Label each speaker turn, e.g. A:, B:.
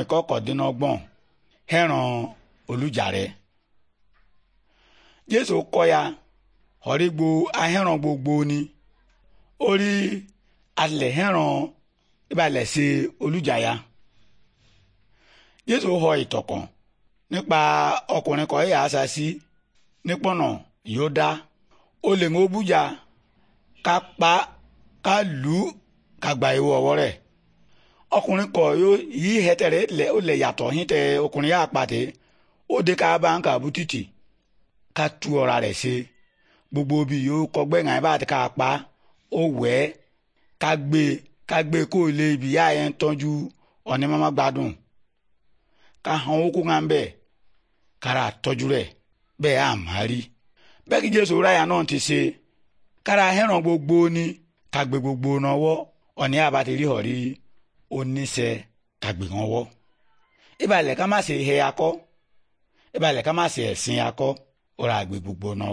A: ìran ìkọkàndínlọ́gbọ̀n hẹ́ràn olùjàre jésù kọ́ ya ọ̀rígbó ahẹ́ràn gbogbo ni ó rí alẹ̀ hẹ́ràn ìbalẹ̀ ṣe olùjàya jésù họ ìtọ̀kàn nípa ọkùnrin kan ẹ̀yà àṣà sí nípọ̀nà yóò dá ó lè mú ká pa ká lù ú ká gba ìwọ ọwọ́ rẹ̀ ọkùnrin kọ yìí hẹtẹrẹ ó lẹ yàtọ̀ yín tẹ ọkùnrin yà pàtẹ ó de ká bá ń ka bú títì ká tu ọ̀ra rẹ̀ ṣe gbogbo bí yóò kọgbẹ́ ìrìn bá ti ká pa ó wẹ̀ ká gbé e, ká gbé e kó lè ibi yá ẹ̀ tọ́jú ọ̀ní mọ́mọ́ gbádùn ká hàn ó kó kàn kára tọ́jú rẹ̀ bẹ́ẹ̀ á má ti ṣe kára hẹ́ràn gbogbo ni ká gbé gbogbo náà wọ́ ọ̀ní àbá ti oníṣẹ́ kàgbìgàn wọ́ ìbàlẹ̀ ká má ṣe ihe akọ́ ìbàlẹ̀ ká má ṣe ẹ̀sìn akọ́ ọ̀rọ̀ àgbè gbogbo náà